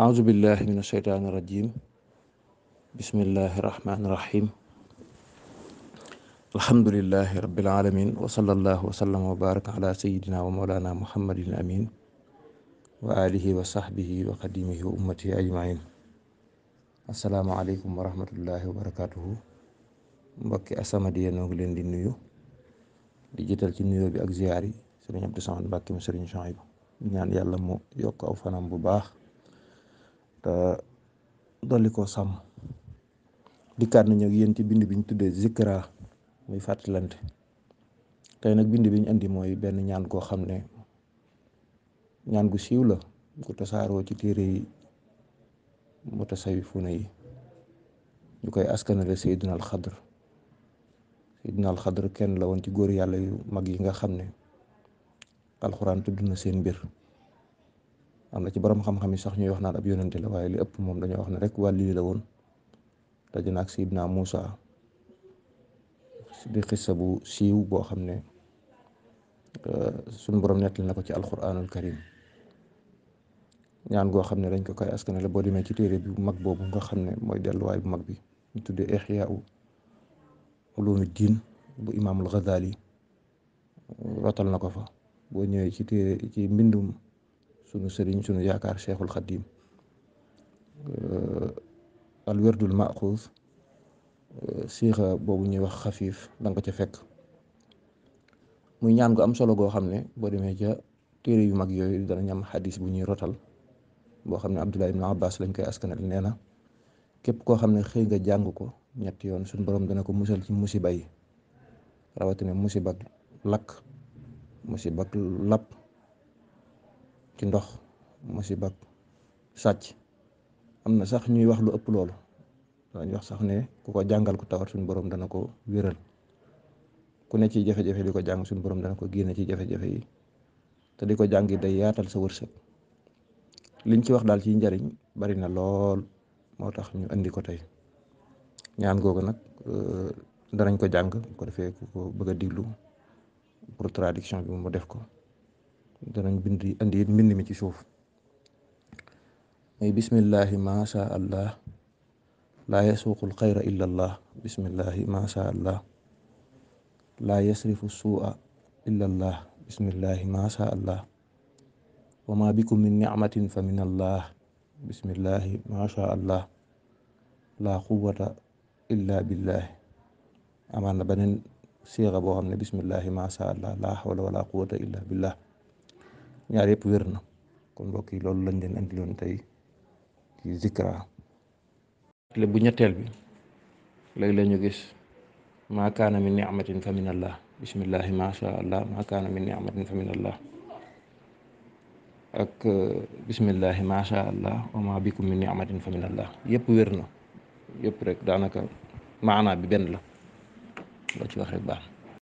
أعوذ بالله من الشيطان الرجيم بسم الله الرحمن الرحيم الحمد لله رب العالمين وصلى الله وسلم وبارك على سيدنا ومولانا محمد الأمين وآله وصحبه وقديمه وأمته أجمعين السلام عليكم ورحمة الله وبركاته mbokki asamadi yéen ngi leen di nuyu di jiital ci nuyoo bi ak ziyaar yi sëriñ Abdou Samad Mbàkke mu sëriñ Chouaïb ñaan yàlla mu yokk aw fanam bu baax te dolli koo sàmm dikkaat nañu ak yéen ci bind bi ñu tuddee zikra muy fàttalante tey nag bind bi ñu andi mooy benn ñaan goo xam ne ñaan gu siiw la gu tasaaroo ci téere yi mutasawifuna yi ñu koy askanale Seydina Al Xadr Seydina Al Xadr kenn la woon ci góor yàlla yu mag yi nga xam ne alxuraan tudd na seen mbir. am na ci boroom xam-xam yi sax ñuy wax naan ab yónnante la waaye li ëpp moom dañoo wax ne rek wàllu la woon daje na ak Sayyidina Muusa di xissa bu siiw boo xam ne euh, suñu borom nettali na ko ci alquranul karim ñaan goo xam ne dañ ko koy askanale boo demee ci téere bi bu mag boobu nga xam ne mooy delluwaay bu mag bi ñu tuddee Ihya Ulumuddin bu imaamul Ghazali rotal na ko fa boo ñëwee ci téere ci mbindum sunu sëriñ sunu yaakaar cheikhul xadim euh, al werdul maxuus euh, siixa boobu ñuy wax xafiif da ko ca fekk muy ñaan gu am solo goo xam ne boo demee ca téere yu mag yooyu dana ñam xadis bu ñuy rotal boo xam ne Abdullah ibn Abbas lañ koy askanal nee na képp koo xam ne xëy nga jàng ko ñetti yoon suñ borom dana ko musal ci musiba yi rawatina musibak lakk musibak lapp ci ndox si bag sàcc am na sax ñuy wax lu ëpp loolu dañuy wax sax ne ku ko jàngal ku tawat suñu borom dana ko wéral ku ne ci jafe-jafe di ko jàng suñu borom dana ko génne ci jafe-jafe yi te di ko jàng day yaatal sa wërsëg liñ ci wax daal ci njariñ bari na lool moo tax ñu andi ko tey ñaan googu nag euh, danañ ko jàng ko defee ku ko bëgg a diglu pour traduction bi mu def ko. danañ bind andi it mbind mi ci suuf muy bismillahi ma sha allah laa yasuuqul xayra illa allah bismillahi ma sha allah laa yasrifu suua illa allah bismillahi ma sha allah wa ma bikum min nicmatin fa min allah bismillahi ma sha allah laa quwwata illa billahi amaan na beneen siixa boo xam ne bismillahi ma sha allah laa hawla wala quwwata illa billah ñaar yëpp wér na kon mbokk yi loolu lañ leen indiloon tey ci zikra le bu ñetteel bi léegi la ñu gis maa kaana min ni'matin fa min allah bismillahi ma sha allah maa kaana min ni'matin fa min allah ak euh, bismillahi ma sha allah wa ma bikum min ni'matin fa min allah yëpp wér na yëpp rek daanaka maanaa bi benn la loo ci wax